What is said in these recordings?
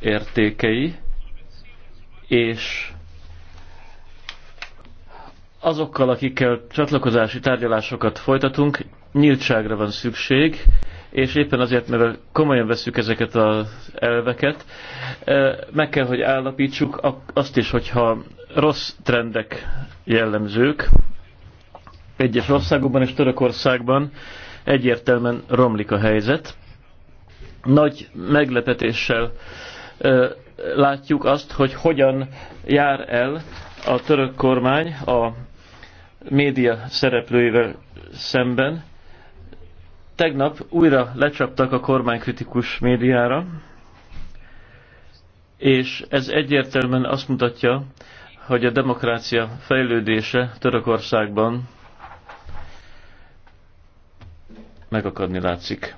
értékei, és azokkal, akikkel csatlakozási tárgyalásokat folytatunk, nyíltságra van szükség, és éppen azért, mert komolyan veszük ezeket az elveket, eh, meg kell, hogy állapítsuk azt is, hogyha rossz trendek jellemzők, egyes országokban és Törökországban egyértelműen romlik a helyzet. Nagy meglepetéssel látjuk azt, hogy hogyan jár el a török kormány a média szereplőivel szemben. Tegnap újra lecsaptak a kormánykritikus médiára, és ez egyértelműen azt mutatja, hogy a demokrácia fejlődése Törökországban megakadni látszik.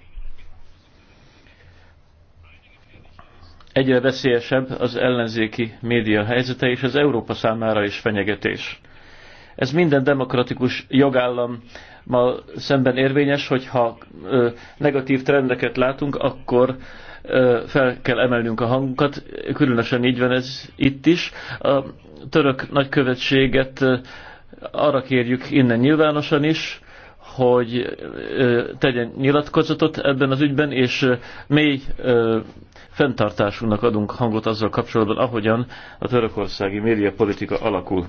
Egyre veszélyesebb az ellenzéki média helyzete, és az Európa számára is fenyegetés. Ez minden demokratikus jogállam ma szemben érvényes, hogyha ö, negatív trendeket látunk, akkor ö, fel kell emelnünk a hangunkat, különösen így van ez itt is. A török nagykövetséget ö, arra kérjük innen nyilvánosan is, hogy tegyen nyilatkozatot ebben az ügyben, és mély fenntartásunknak adunk hangot azzal kapcsolatban, ahogyan a törökországi médiapolitika alakul.